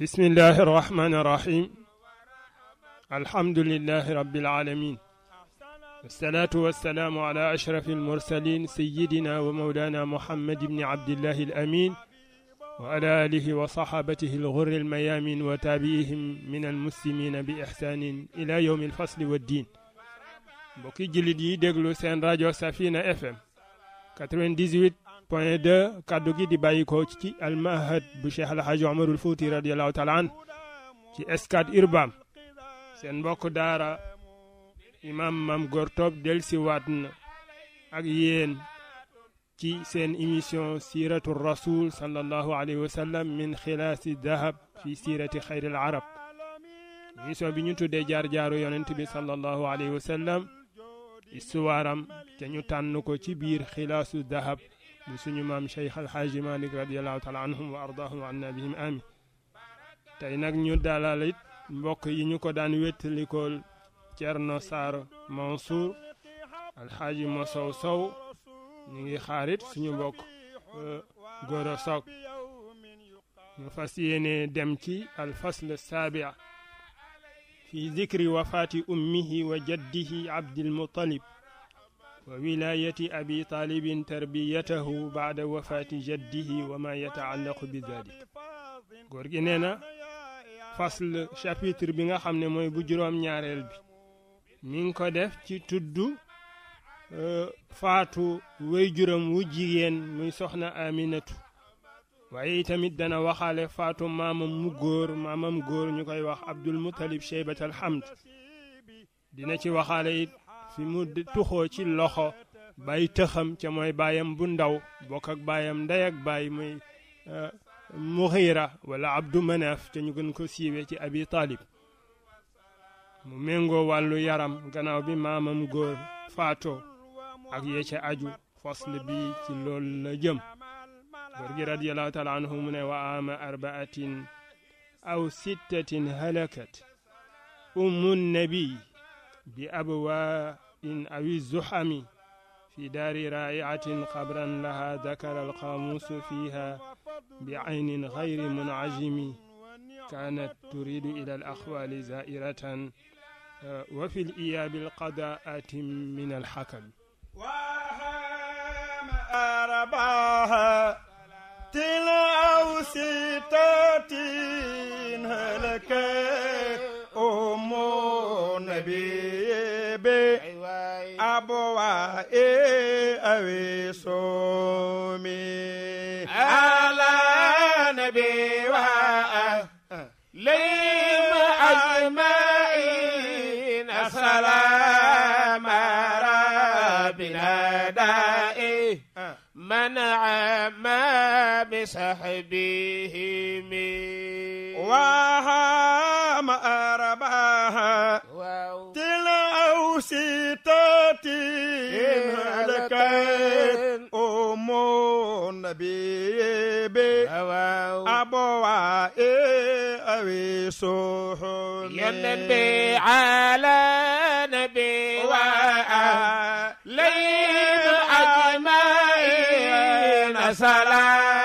بسم الله الرحمن الرحيم الحمد لله رب العالمين والصلاة والسلام على أشرف المرسلين سيدنا ومولانا محمد بن عبد الله الأمين وعلى آله وصحابته الغر الميامين وتابعيهم من المسلمين بإحسان إلى يوم الفصل والدين بوكي جلدي دغلو سين راديو سفينة اف ام 98 point 2 kaddu gi di bayiko ci al almahad bu cheikh omar al fouti radiyallahu taala an ci escad urbam sen mbok dara imam mam gortop delsi waat na ak yéen ci sen émission siratul rasul sallallahu alayhi wa sallam min khilas dahab fi sirati khair al arab émission bi ñu tuddé jaar-jaaru yonent bi sallallahu alayhi wa sallam istuwaaram te ñu tànn ko ci biir dahab bu suñu maam cheikh alxaaji malik radiallahu taala anhum wa ardaahum wa anna bihim amin tey nag ñu dalal it mbokk yi ñu ko daan wettalikool cerno saar mansour alxaaji mosow sow ñu ngi xaarit suñu mbokk góora soog ñu fas yéene dem ci alfasl saabia fi zikri wafaati ummihi wa jaddihi abdilmutalib وولاية أبي طالب تربيته بعد وفاة جده وما يتعلق بذلك غورغينينا فصل شابيتر بيغا خامني موي بوجوروم نياريل بي نينكو ديف تي تودو فاتو ويجرم وجيين مي سخنا امينتو waye itamit dana waxale fatu mamam mu gor mamam gor ñukoy wax abdul mutalib shaybat alhamd dina ci waxale fi mu tuxoo ci loxo bay tëxam ca mooy baayam bu ndaw bokk ak baayam ndey ak baay muy euh, Muxiira wala Abdu Manaaf te ñu gën ko siiwee ci Abi Taalib mu méngoo wàllu yaram gannaaw bi maamam góor faatoo ak yee ca aju fasl bi ci loolu la jëm góor gi radiyallahu mu ne wa ama arbaatin aw sittatin halakat ummu nabiy بأبواء أو الزحم في دار رائعة قبرا لها ذكر القاموس فيها بعين غير منعجم كانت تريد إلى الأخوال زائرة آه، وفي الإياب القضاء من الحكم وهام أرباها تلع ستاتين هلكت ابو أبوا أوي صومي على نبي ليم أجمعين سلام ربنا دائي من عم بسحبهم وهم أرباها ستات هلك أم النبي أبوا أوي سحن ينبي على نبي وآل لين أجمعين سلام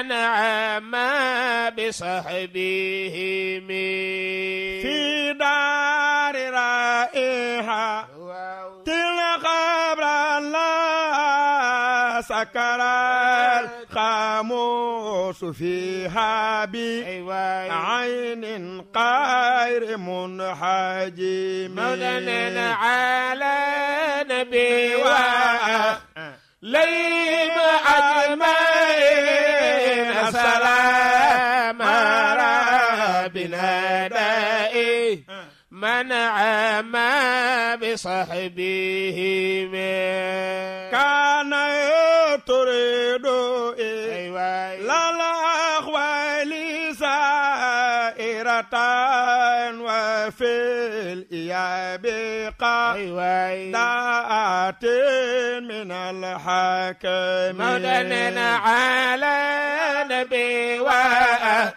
أنعم بصحبه في دار رائها سكر الخاموس فيها بعين قير منحجم مدنا على نبي ليم أجمل سلام على بنادائي آه. من عام بصحبه من الإيابق أيوة، أيوة. دعات من الحاكم مدننا على نبي وآه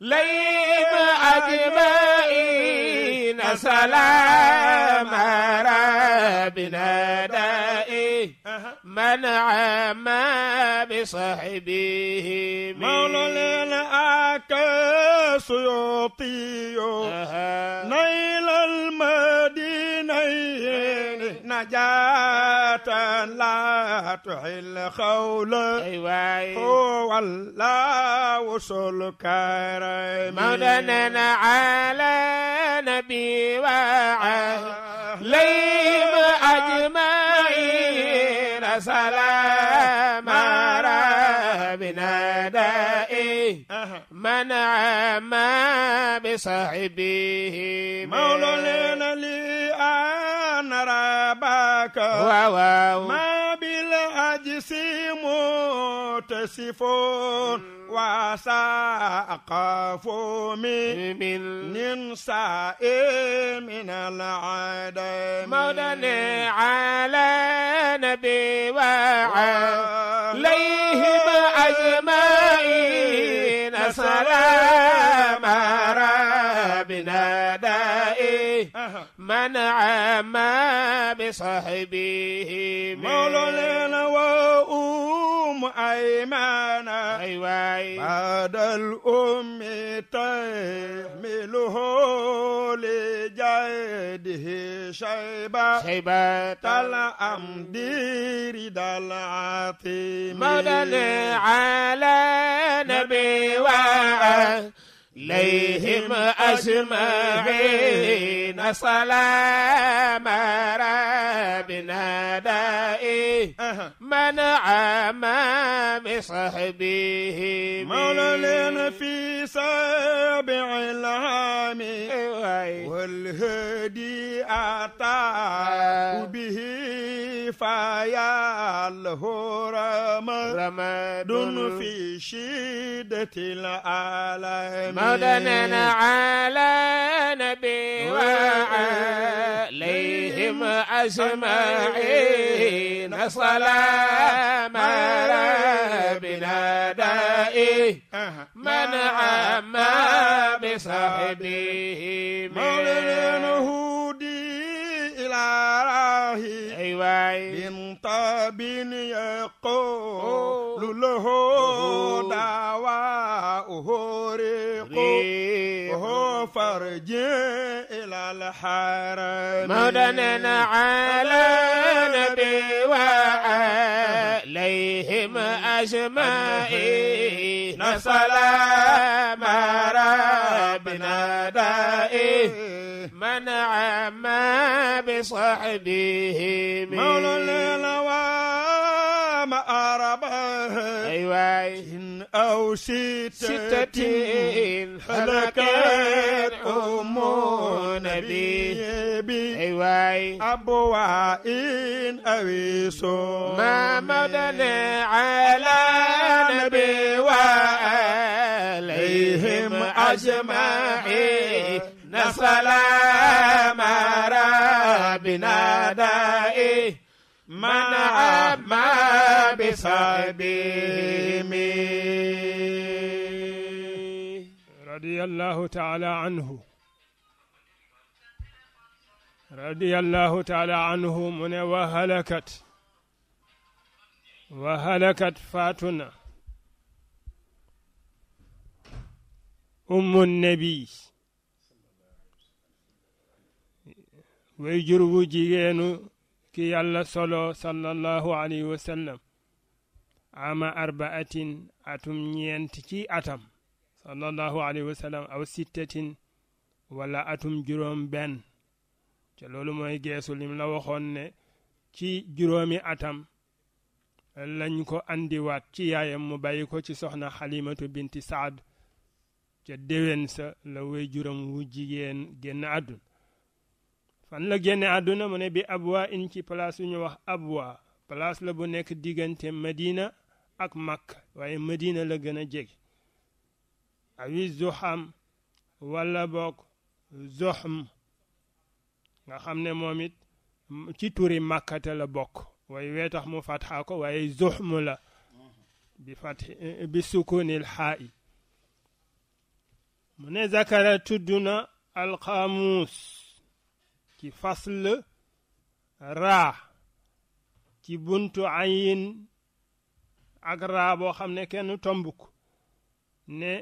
ليم أجمعين سلام ربنا دائم من ما بصاحبه مولا لنأك سيوطي نيل المدينة نجاة لا تحل خولا أيوة. هو الله مولا لنا على نبي ليم أجمعين سلام ربنا دائي من عام بصاحبه مولانا لي أنا ربك نجسي متصف وساقف من ننسى من العدم مدني على نبي وعليهم أجمعين سلام ربنا دائي منع ما بصحبه لنا وأم أيمانا أيوة بعد الأم تحمله لجده شيبة شيبة ديري دلعتي مدن على نبي وعد ليهم أجمعين صلاة ربنا دائي من عام بصحبه مولانا في سابع العام إيه والهدي أعطاه آه. به شفاياه رماد في شدة العالم مدننا على نبي وعليهم أجمعين صلاة على دائي من عما بصحبه مولانا هو الله أيوة. من طاب يقول له دعواه وهو فرج إلى الحرم مدن على نبي وعليهم أجمعين صلاة ربنا ما نعم بصحبه مولى الليل وما أربه أيوة أو ستة حلقت أم نبي أيوة أبو إن أويسو ما مدن على نبي وعليهم أجمعين سلام ربنا دائي من أما بصبيمي رضي الله تعالى عنه رضي الله تعالى عنه من وهلكت وهلكت فاتنا أم النبي way jur wu ki yàlla solo sallallahu alayhi wa ama arbaatin atum ñeent ci atam sallallahu alayhi wa aw sittatin wala atum juróom benn te loolu mooy geesu lim la waxoon ne ci juróomi atam lañ ko andiwaat ci yaayam mu bàyyi ko ci soxna xalimatu binti saad ca déwén sa la way juram wu jigéen génn fan la génne àdduna mu ne bi abwa in ci place yu ñu wax abwa place la bu nekk diggante Madina ak Makka waaye Madina la gën a jege awi zuxam wala boog zoxm nga xam ne moom it ci turi màkkate la bokk waaye wee tax mu fatxaa ko waaye zuxmu la bi fat bi sukunil xaa i mu ne zakara tudd na alxaamuus ci fasl raa ci buntu ayin ak raa boo xam ne kenn tombuk ne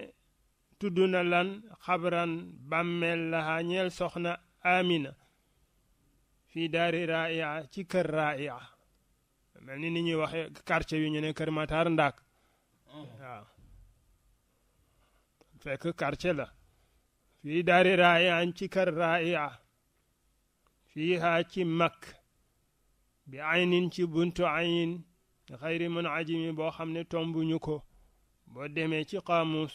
tudd na lan xabran bàmmeel lahaa ñeel soxna amina fii daari raia ci kër raia mel ni ni ñuy waxe quartier yu ñu ne kër Matar Ndaak waaw fekk quartier la fii daari raia ci kër raia fiihaa ci makk bi aynin ci buntu ayin xayri mun ajimi boo xam ne tombuñu ko boo demee ci qaamuus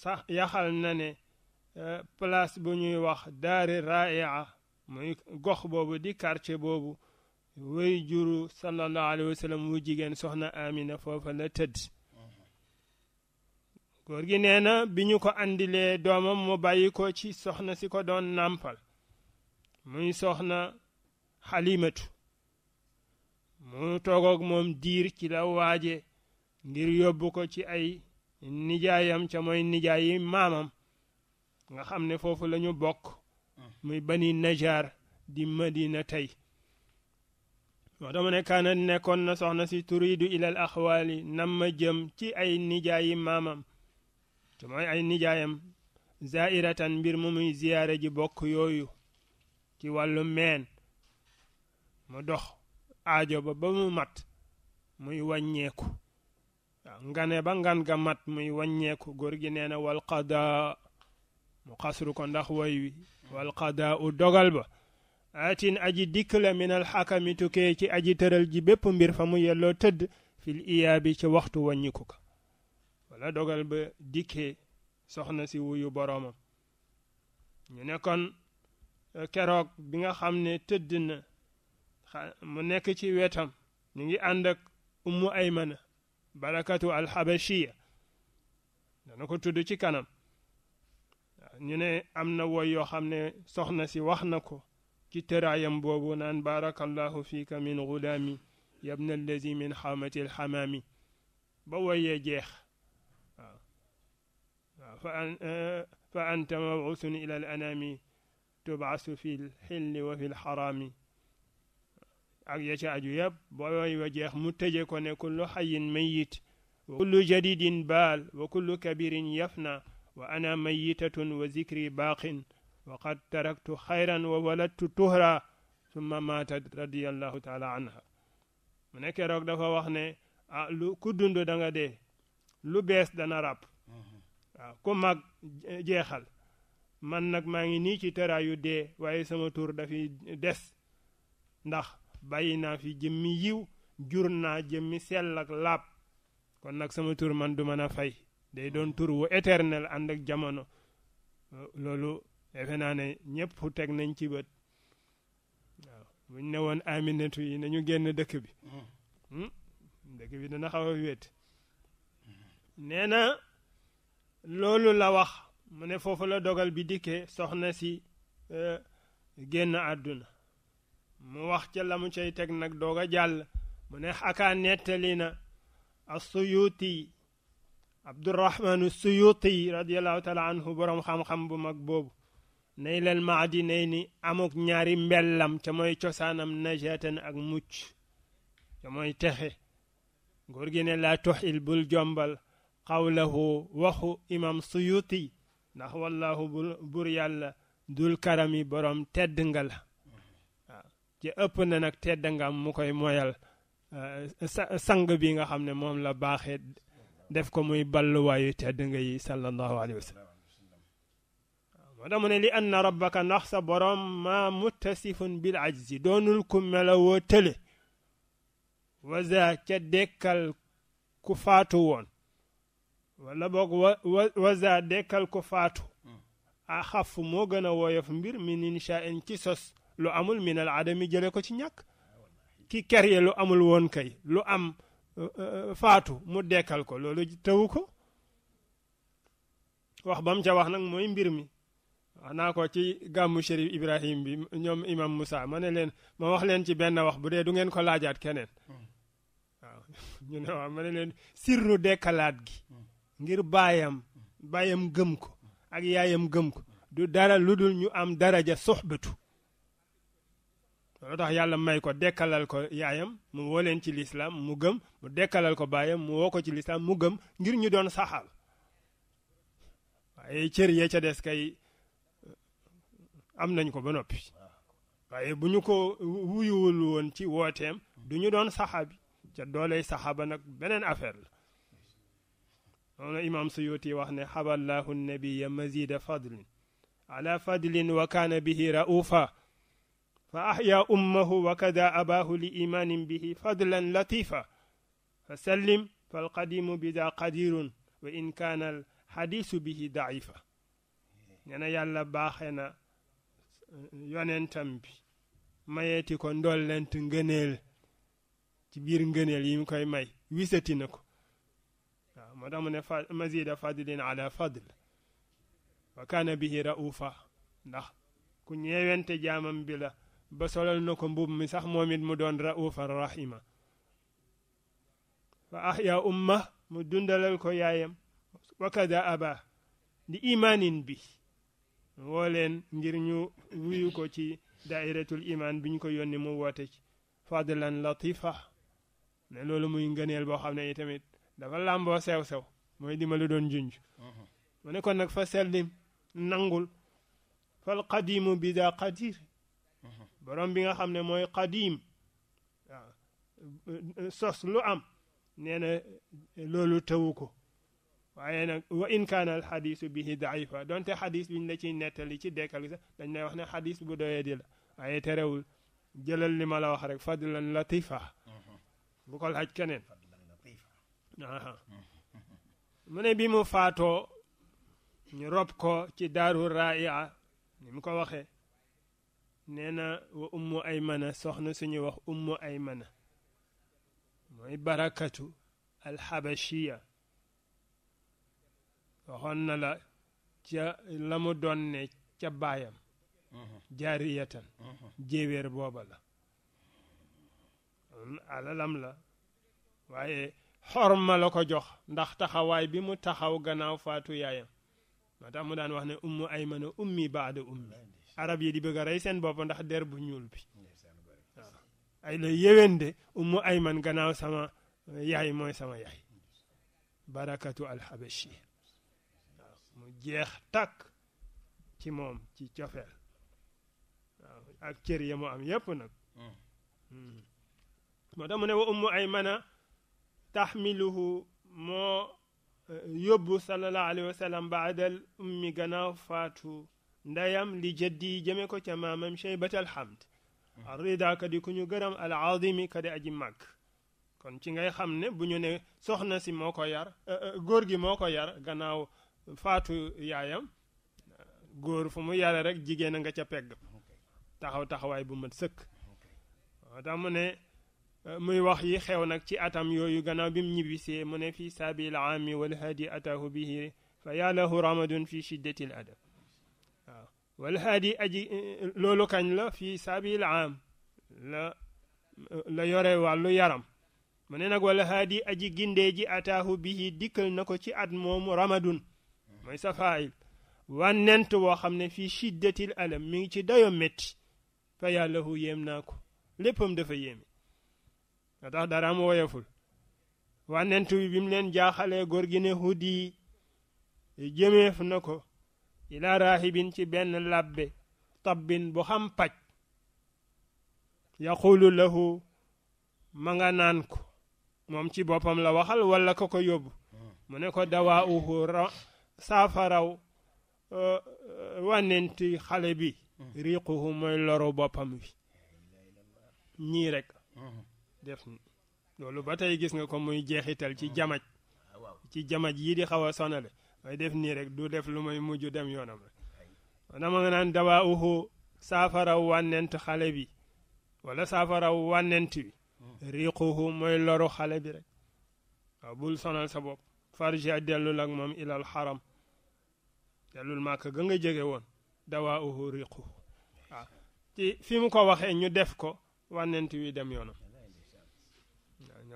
sax yaxal na ne e, place bu ñuy wax daari raia muy gox boobu di quartier boobu wéy juru sallallahu alayhi wa sallam wu jigéen soxna Amina foofa la tëdd góor gi bi ñu ko andilee doomam mu bàyyi ko ci soxna si ko doon nàmpal muy soxna xalimatu mu toogoog moom diir ci la waaje ngir yóbbu ko ci ay nijaayam ca mooy nijaay yi maamam nga xam ne foofu lañu bokk muy bani najaar di madina tey moo tax mu ne kaanat nekkoon na soxna si turidu ilal axwaali nam jëm ci ay nijaayi maamam te mooy ay nijaayam zairatan mbir mu muy ziyaare ji bokk yooyu ci wàllu meen mu dox aajo ba ba mu mat muy wàññeeku waaw ngane ba ngan ga mat muy wàññeeku góor gi nee na wal qadaa mu xasru ko ndax woy wi wal qadaa u dogal ba atin aji dikk la minal xakami ci aji tëral ji bépp mbir fa mu yelloo tëdd fil iyaa bi ci waxtu wàññiku ko wala dogal ba dikkee soxna si wuyu boroomam ñu ne keroog bi nga xam ne tëdd na mu nekk ci wetam ñu ngi ànd ak ummu aymana barakatu alxabashiya dana ko tudd ci kanam ñu ne am na woy yoo xam ne soxna si wax na ko ci tëraayam boobu naan baarakallahu fiika min gulaami yabna allazi min xamati alxamaami ba woyee jeex waaw waaw fa anta mabusun ila al anaami tubaasu fi lxilli wa fi lxaraami ak ya ca aju yëpp booy wa jeex wa kullu jadidin baal wa kullu kabirin yafna wa ana mayitatun wa zikri baaqin wa qad taraktu xayran wa waladtu tuhra summa maatat radiallahu taala anha mu ne dafa wax ne ah lu ku dund da nga lu bees dana ràpp mm-hmm. ku mag jeexal man nag maa ngi nii ci teraayu dee waaye sama tuur dafi des ndax bàyyi naa fi jëmmi yiw jur naa jëmmi sell ak laab kon nag sama tuur man du mën a fay day doon tur wu éternel ànd ak jamono loolu defe naa ne ñëpp teg nañ ci bët waaw buñ ne woon aminatu yi nañu génn dëkk bi hmm? bi dana xaw a wéet hmm. nee na loolu la wax mu ne foofu la dogal bi dikkee soxna si génn àdduna mu wax ca la mu cay teg nag doog a jàll mu ne xakaa nettali na assuyuuti abdurahmaanu suyuti radiallahu taala anhu borom xam-xam bu mag boobu nay leen maadi nay ni amuk ñaari mbellam ca mooy cosaanam najatan ak mucc ca mooy texe góor gi ne laa tuxil bul jombal xawlahu waxu imam suyuti ndax wallahu bur yàlla dul karami borom tedd nga la waaw ci ëpp na nag tedd ngam mu koy moyal sang bi nga xam ne moom la baaxee def ko muy balluwaayu tedd nga yi sallallahu alayhi wa sallam moo tax mu ne li anna rabbaka ndax sa borom ma muttasifun bil ajzi doonul ku melawoo tële waza ca dekkal ku faatu woon wala boog wa wa waza dekkal ko faatu a xaf moo gën a woyof mbir min insha in ci sos loo amul min al adami jële ko ci ñàkk ki kerye lu amul woon kay loo am uh, uh, faatu mu dekkal ko loolu tëwu ko wax ba mu ca wax nag mooy mbir mi wax naa ko ci gàmmu Chérif Ibrahim bi ñoom imam Moussa ma ne leen ma wax leen ci benn wax bu dee du ngeen ko laajaat keneen hmm. waaw dekkalaat gi hmm. ngir baayam baayam gëm ko ak yaayam gëm ko du dara lu dul ñu am daraja soxbatu loolu tax yàlla may ko dekkalal ko yaayam mu woo ci lislaam mu gëm mu dekkalal ko baayam mu woo ko ci lislaam mu gëm ngir ñu doon saxaab waaye cër yee ca des kay am nañ ko ba noppi waaye bu ñu ko wuyuwul woon ci wooteem du ñu doon saxaabi ca doole dooley saxaaba nag beneen affaire la noonu imaam suyuti wax ne xaballahu nabiya mazida fadlin ala fadlin wa bihi ra'ufa fa ahya ummahu wa kada abaahu bihi fadlan latifa fa sallim falqadimu bida qadirun wa in kaana al xadiisu bihi daifa yàlla baaxe na yonentam bi mayeeti ko ndollent ngëneel ci biir ngëneel yi koy may wisati na ko ومدام مزيد فضل على فضل وكان به رؤوفا نح نعم. كنيوين تجاما بلا بسول نكم بوب مسح مومد مدون رؤوفا رحيما فأحيا أمه مدند للكيايم وكذا أبا لإيمان به ولن نجرنيو ويوكو تي دائرة الإيمان بنكو يوني مواتك فضلا لطيفة نلولو موين غنيل بوحامنا يتميت dafa làmboo sew sew mooy li ma la doon junj mu ne kon nag fa sellim nangul fal qadimu bi daa qadir borom bi nga xam ne mooy qadim sos lu am nee na loolu tawu ko waaye nag wa in kaana al xadisu bihi daifa donte xadis biñ la ci nettali ci dekkal sax dañ lay wax ne xadis bu doyee di la waaye terewul jëlal li ma la wax rek fadlan latifa bu ko laaj keneen mu ne bi mu faatoo ñu rob ko ci daaru raia ni mu ko waxee nee na wa ummu aymana soxna suñu wax ay aymana mooy barakatu alxabashiya waxoon na la ca la mu doon ne ca baayam jaariyatan jéewéer booba la alalam la waaye xorma la ko jox ndax taxawaay bi mu taxaw gannaaw faatu yaayam moo tax mu daan wax ne ummu ay ummi baada ummi arab yi di bëgg a rey seen bopp ndax der bu ñuul bi waaw ay la yéwén ummu ay gannaaw sama yaay mooy sama yaay barakatu alxabashi waaw mu jeex tàkk ci moom ci cofeel waaw ak cër ya mu am yépp nag moo tax mu ne wa ummu ay taxmiluhu moo yóbbu salallahu alayhi wa sallam baadal ummi gannaaw faatu ndayam li jaddi jëme ko ca maamam cheybat alhamd arrida kadi ku ñu gërëm al azimi kadi aji màgg kon ci ngay xam ne bu ñu ne soxna si moo ko yar góor gi moo ko yar gannaaw faatu yaayam góor fu mu yare rek jigéen a nga ca pegg taxaw taxawaay bu mat sëkk moo tax mu ne muy wax yi xew nag ci atam yooyu gannaaw bi mu ñibbisee mu ne fi sabil aami wal haadi ataahu bihi fa ya lahu ramadun fi shiddati al adab waaw wal haadi aji loolu kañ la fi sabil aam la la yore wàllu yaram mu ne nag wal haadi aji gindee ji atahu bihi dikkal na ko ci at moomu ramadun mooy safaayil wànnent woo xam ne shiddati al alam mi ngi ci dayo métti fa ya lahu yéem naa ko léppam dafa yéeme nga dara mu woyoful wànnent bi bi mu leen jaaxale góor gi ne hudi jëmeef na ko ila raahibin ci benn labbe tabbin bu xam paj yaqulu lahu ma nga naan ko moom ci boppam la waxal wala ko ko yóbbu mu ne ko dawaa uhu saafaraw wànnenti xale bi hmm. riiquhu mooy loru boppam bi ñii rek hmm. def loolu ba tey gis nga ko muy jeexital ci jamaj ci jamaj yii di xaw a sonale mooy def nii rek du def lu may mujj dem yoonam rek wana ma nga naan dawaa uhu saafaraw wànnent xale bi walla saafaraw wànnent bi riquhu mooy loru xale bi rek waaw bul sonal sa bopp farja dellul ak moom ilal xaram dellul màkk ga nga jege woon dawaa uhu riquhu waaw ci fi mu ko waxee ñu def ko wànnent wi dem yoonam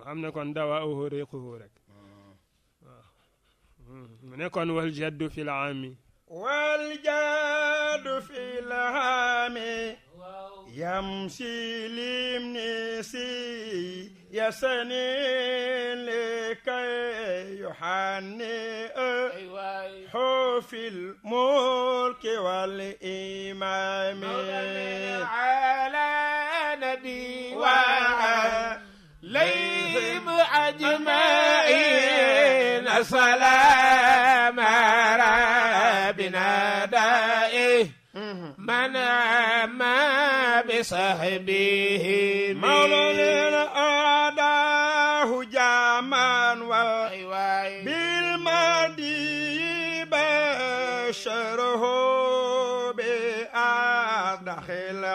nga xam ne kon dawa uhu riquhu rek waaw mu ne kon wal jaddu fi laami wal jaddu fi laami يمشي لمنسي يا سنين لكي يحنئ حوف الملك والإمام على ندي وعلى أجمعين سلام ربنا دائه من عما بصحبه مولانا آداه جامان أيوة، أيوة. بالمدي بشره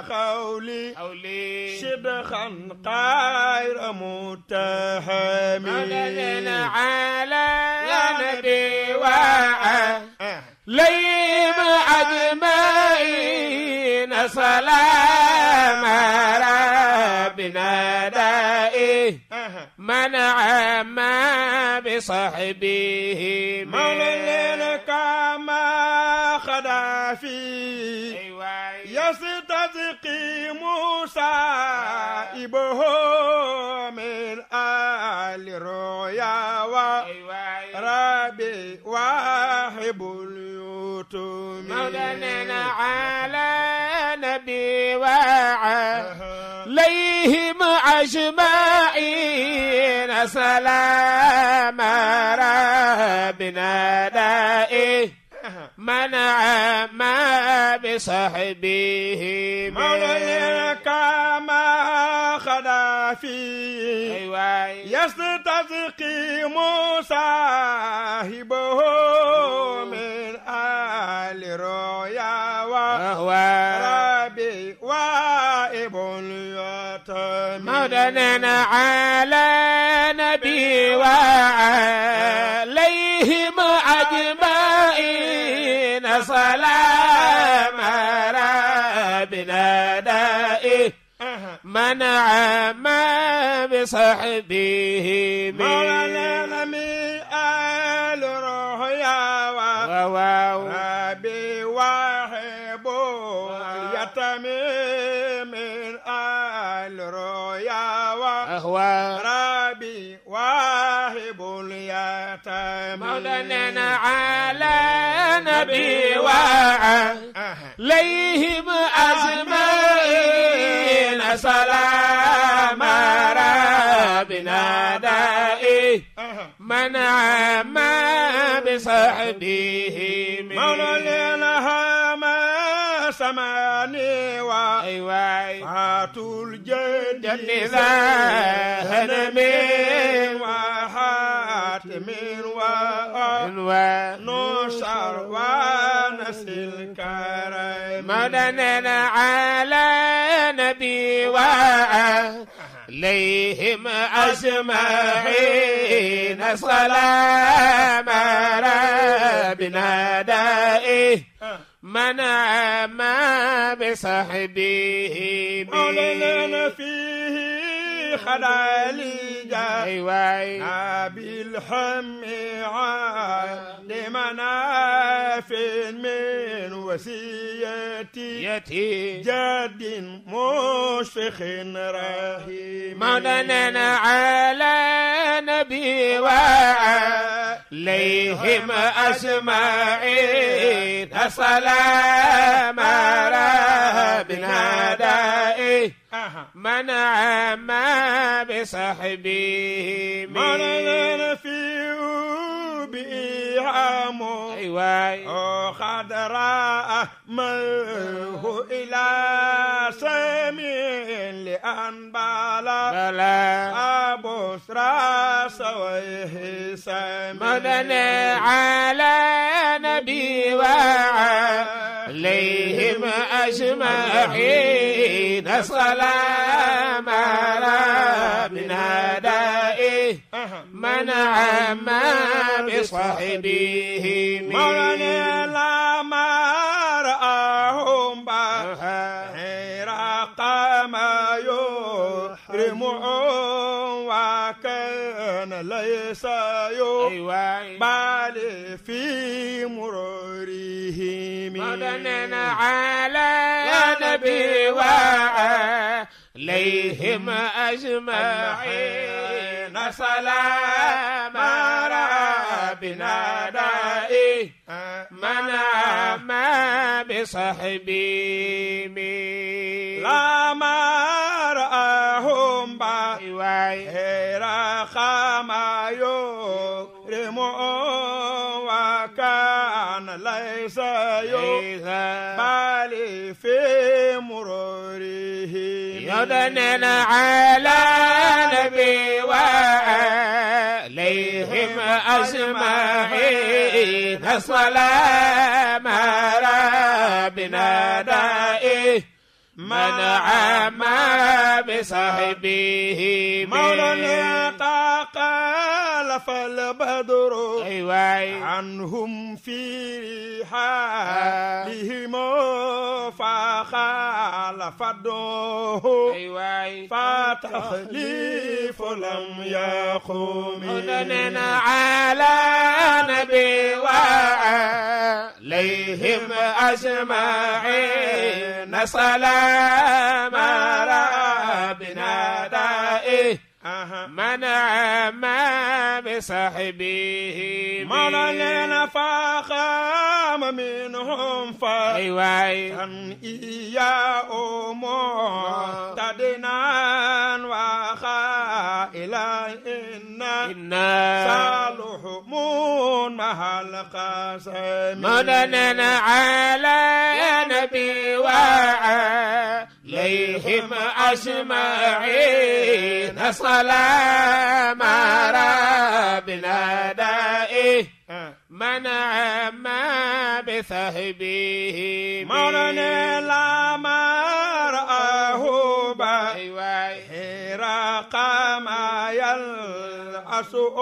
خولي حولي شبخا غير متحمي مولانا على نبي ليم أجمعين سلام ربنا دائي من عام بصحبه مولانا كما خدا فيه أيوة. يصد تقي موسى إبوه من آل رويا ربي واحب اليتم مولانا على نبي وعليهم أجمعين سلام ربنا دائما ما بصحبه لك ما خدا فيه أيوة. يستسقي مصاحبه من آل رويا وهو ربي وائب يتم مدنا على نبي وعليهم أجمعين سلام على دائه من عام بصحبه مولى آل ربي واحب اليتم من آل رهيا ربي واحب اليتم مولانا نعم على النبي وعليهم أجمعين سلام ربنا دائي من عما بصحبه مولى لنا الزمان واي أيوة. فاتوا الجد وحات من وحاتم ونصر ونسل كرم مدننا على نبي وآه ليهم أجمعين سلام ربنا دائه منع ما بصحبه مولانا فيه أيوة نبي الحم عاد مناف من وسيتي جد مشفخ رهيم مولانا على نبي وعليهم أجمعين سلام ربنا دائم من عام بصحبه من نفيه بإيهام أيوة قد رأى منه إلى سمي لأن بلا بلا بشرى سويه سمي من على نبي وعلى عليهم أجمعين سلام من هدائه من عم بصحبه مرني لا ما رآهم بحير ما يحرمهم وكان ليس يبالي في مرور صدن على نبي وعليهم أجمعين سلام ربنا دائي من أم بصحبي لا ما رآهم بغير أيوة. خما يكرمون ليس يقبل في مروره يدنن على نبي وآليهم أجمعين الصلاة ما ربنا دائه من عام بصاحبه مولانا تقال فالبدر أيوة. عنهم في آه. حالهم خالف الدوه أيوة، أيوة. فتخليف لم يقوم أذننا على نبي وعليهم أجمعين سلام ربنا دائه منع ما بصحبه مولا لنا فخام منهم فتن إياه مهتدنا وخائلا إنا, إنا سالوا مع القاسم مدنا على نبي وعليهم أجمعين صلاة ربنا دائه آه. من عم بثهبه مرن لا ما رآه بحيرا ما يلأسه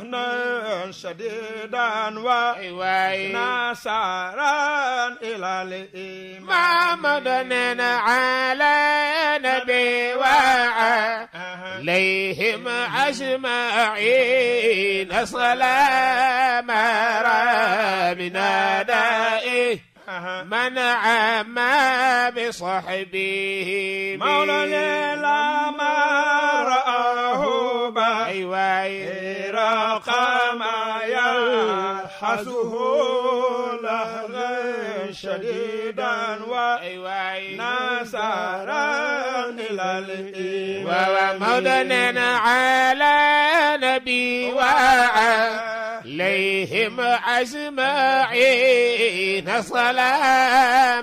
حزنا شديدا ونصارا إلى الإمام مدننا على نبي وعليهم أجمعين صلاة ربنا دائه منع ما بصحبه مولانا لا ما رآه بأيوة رقم يلحسه لهلا شديدا ونسارا أيوة. إلى الإيمان ومدنا على نبي وعلى عليهم أجمعين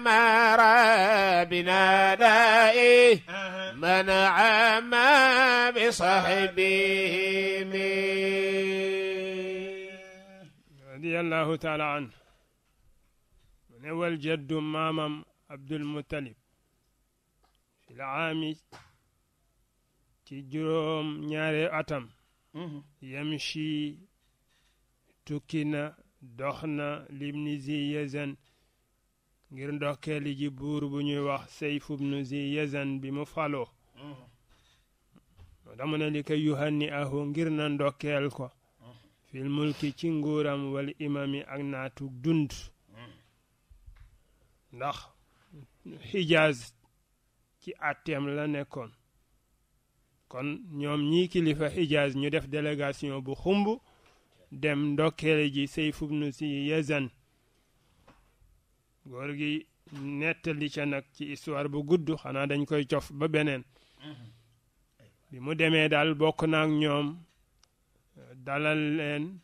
ما ربنا دائه من عام بصحبه رضي الله تعالى عنه من أول جد مامم عبد المطلب في العام تجروم نياري أتم يمشي tukki na dox na libni zi yazan ngir ndokkeeli ji buur bu ñuy wax sayf ibnu zi yazan bi mu faloo dama ne li koy yuhanni ahu ngir na ndokkeel ko fil mulki ci nguuram wal imami ak naatu dund ndax xijaaz ci àtteem la nekkoon kon ñoom ñii kilifa xijaaz ñu def délégation bu xumb dem ndokkeele ji Sayf ibnu si Yazan góor gi nettali ca nag ci histoire bu gudd xanaa dañ koy cof ba beneen bi mu demee daal bokk naa ak ñoom dalal leen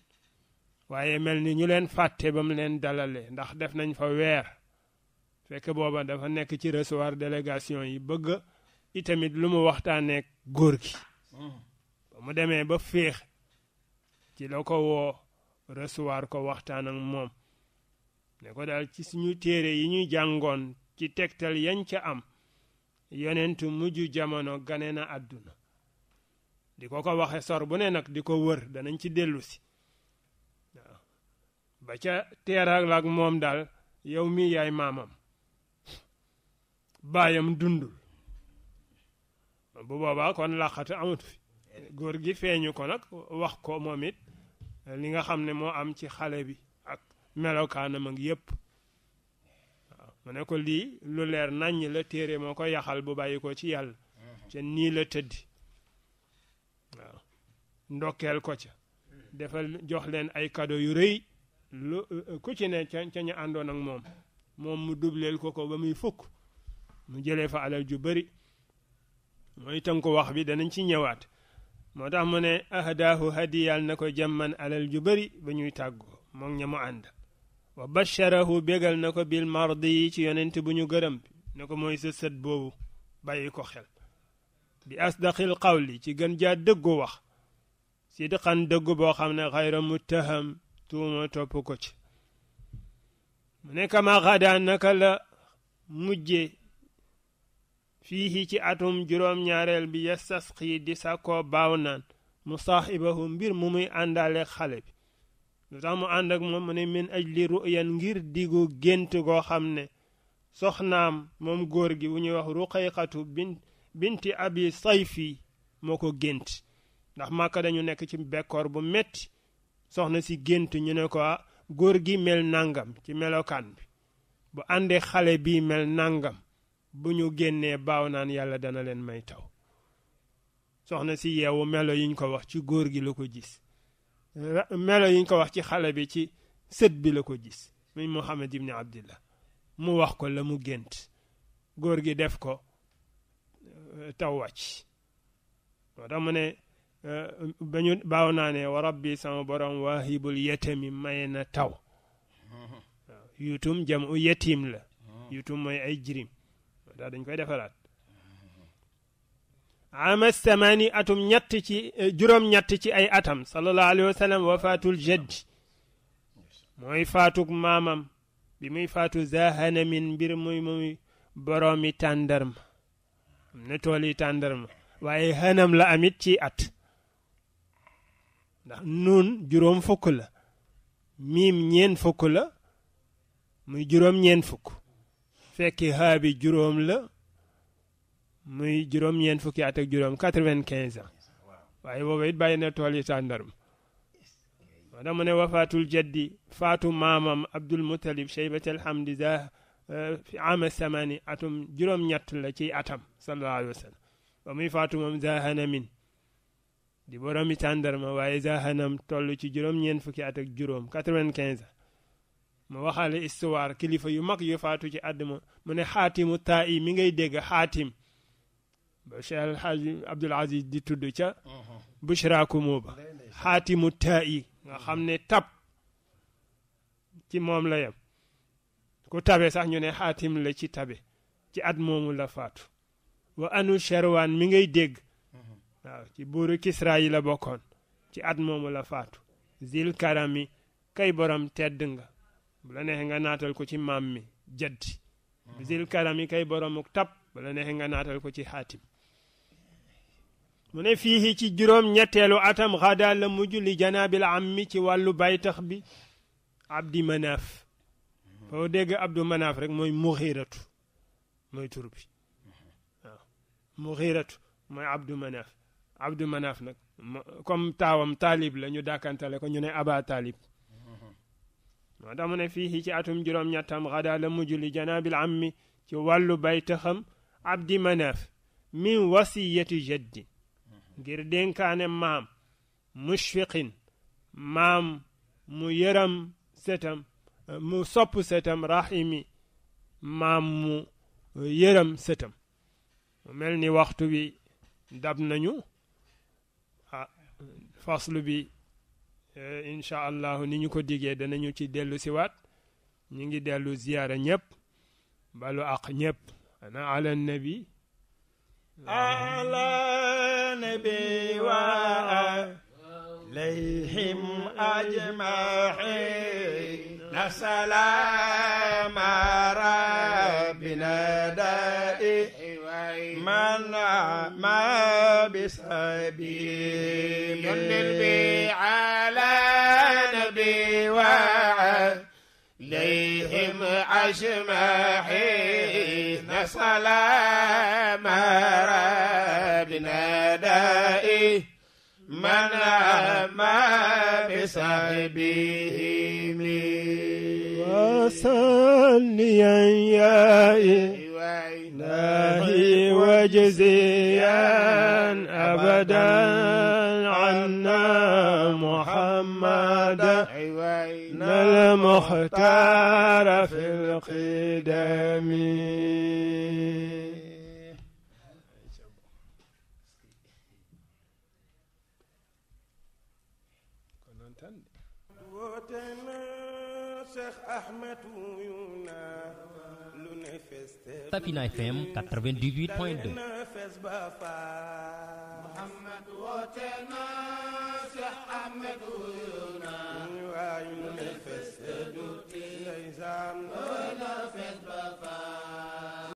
waaye mel ni ñu leen fàtte ba mu leen dalale ndax def nañ fa weer fekk booba dafa nekk ci recevoir délégation yi bëgg itamit lu mu waxtaaneek góor gi mm-hmm. ba mu demee ba féex ci la ko woo recevoir ko waxtaan ak moom ne ko daal ci suñu téere yi ñu jàngoon ci tegtal yañ ca am yonent mujj jamono gane na àdduna di ko ko waxe sor bu ne nag di ko wër danañ ci dellusi ba ca teeral ak moom daal yow mi yaay maamam baayam dundul bu boobaa kon làqatu amatu fi góor gi feeñu ko nag wax ko moom li nga xam ne moo am ci xale bi ak melokaanam ak yépp waaw mu ne ko lii lu leer naññ la téere moo ko yaxal bu bàyyi ko ci yàlla mm-hmm. ca nii la tëddi waaw ndokkeel ko ca mm-hmm. defal jox leen ay cadeau yu rëy lu euh, ku ci ne ca ñu àndoon ak moom moom mu dubleel ko ko ba muy fukk mu jëlee fa alal ju bari mooy tënk ko wax bi danañ ci ñëwaat moo tax mu ne ahdaahu hadi na ko jàmman alal ju bari ba ñuy tàggoo moom ña mu wa bacharahu bégal na ko bil mardi ci yonent bu ñu gërëm bi ne ko mooy sa boobu bàyyi ko xel bi asdaqil qawli ci gën jaa dëggu wax sidqan dëggu boo xam ne xayra muttaham tuuma topp ko ci mu ne kama xadaa naka la mujjee fiihi ci atum juróom-ñaareel bi yastasqi di sàkkoo baaw naan mu saaxibahu mbir mu muy àndaale xale bi lu mu ànd ak moom mu ne min ajli ruyan ngir digu gént goo xam ne soxnaam moom góor gi wu ñuy wax ruqayqatu bin binti abi sayfi moo ko gént ndax màkka dañu nekk ci bekkoor bu metti soxna si gént ñu ne ko ah, góor gi mel nangam ci melokaan bi bu àndee xale bi mel nangam bu ñu génnee baaw naan yàlla dana leen may taw soxna si yeewu melo yiñ ko wax ci góor gi la ko gis melo yiñ ko wax ci xale bi ci sët bi la ko gis muy Muhammad ibni Abdillah mu wax ko la mu gént góor gi def ko euh, taw wàcc moo tax mu ne euh, ba ñu baaw naa wa rabbi sama borom waahibul yetami maye na taw yutum jam u yetim la yutum mooy ay jirim daal dañ koy defaraat ama samani atum eh, ñett ci ay atam sallallahu alayhi wa wafaatul jeddi mooy faatuk maamam bi muy faatu zahanamin mbir muy muy boroomi tàndarma am na tool yi tàndarma waaye xanam la amit ci at ndax nuun juróom fukk la miim ñeen muy juróom ñeen fukk fekki haa bi juróom la muy juróom ñeent fukki at ak juróom quatre-vingt-quinze ans waaye booba it bàyyi na tool yi tàndarum moo tax mu ne wafaatul jaddi faatu maamam abdul mutalib cheybati alhamdi za fi ama samani atum juróom-ñett la ci atam sallallahu alayhi wa sallam ba muy faatu moom zahanamin di boroomi tàndarma waaye zahanam toll ci juróom-ñeent fukki at ak juróom quatre-vingt-quinze ma waxaale istuwaar kilifa yu mag yu faatu ci àdduma mu ne xaatimu yi mi ngay dégg xaatim di tudd ca uh-huh. nga xam ne ci moom la yem ku tabe sax ñu ne xaatim la ci tabe ci at moomu la faatu wa mi ngay dégg uh-huh. waaw ci yi la bokkoon ci at faatu zil karami kay borom tedd bu la neexee nga naatal ko ci maam mi jaddi bisil karam yi kay boromuk tab bu la neexee nga naatal ko ci xaatim mu ne fii ci juróom ñetteelu atam xada la mujj li janaabil ammi ci wàllu baytax bi abdi manaaf foo dégg abdu manaaf rek mooy muxiiratu mooy tur bi waaw mooy abdu manaaf abdu manaaf nag comme taawam taalib la ñu dàkkantale ko ñu ne aba taalib moo tax mu ne fii ci atum juróom-ñettam xadaa la mujj li janaabil ammi ci wàllu bay tëxam abdi manaaf min wasiyati jaddi ngir dénkaane maam mushfiqin maam mu yëram setam mu sopp setam rahimi maam mu yëram setam mu mel ni waxtu bi dab nañu faslu bi Eh, incha ni ñu ko digee danañu ci dellu siwaat ñu ngi dellu ziyaara ñëpp balu ak ñëpp ana ala nabi ala nabi wa alayhim ajmahin na salaama rabbina da'i man ma bisabi النبي وعليهم صلاة ما ربنا دائي من أما بصحبه وصليا يا إلهي وجزيا أبدا المختار في القدم FM 98.2 waay mu ne fes du ti ndeysaan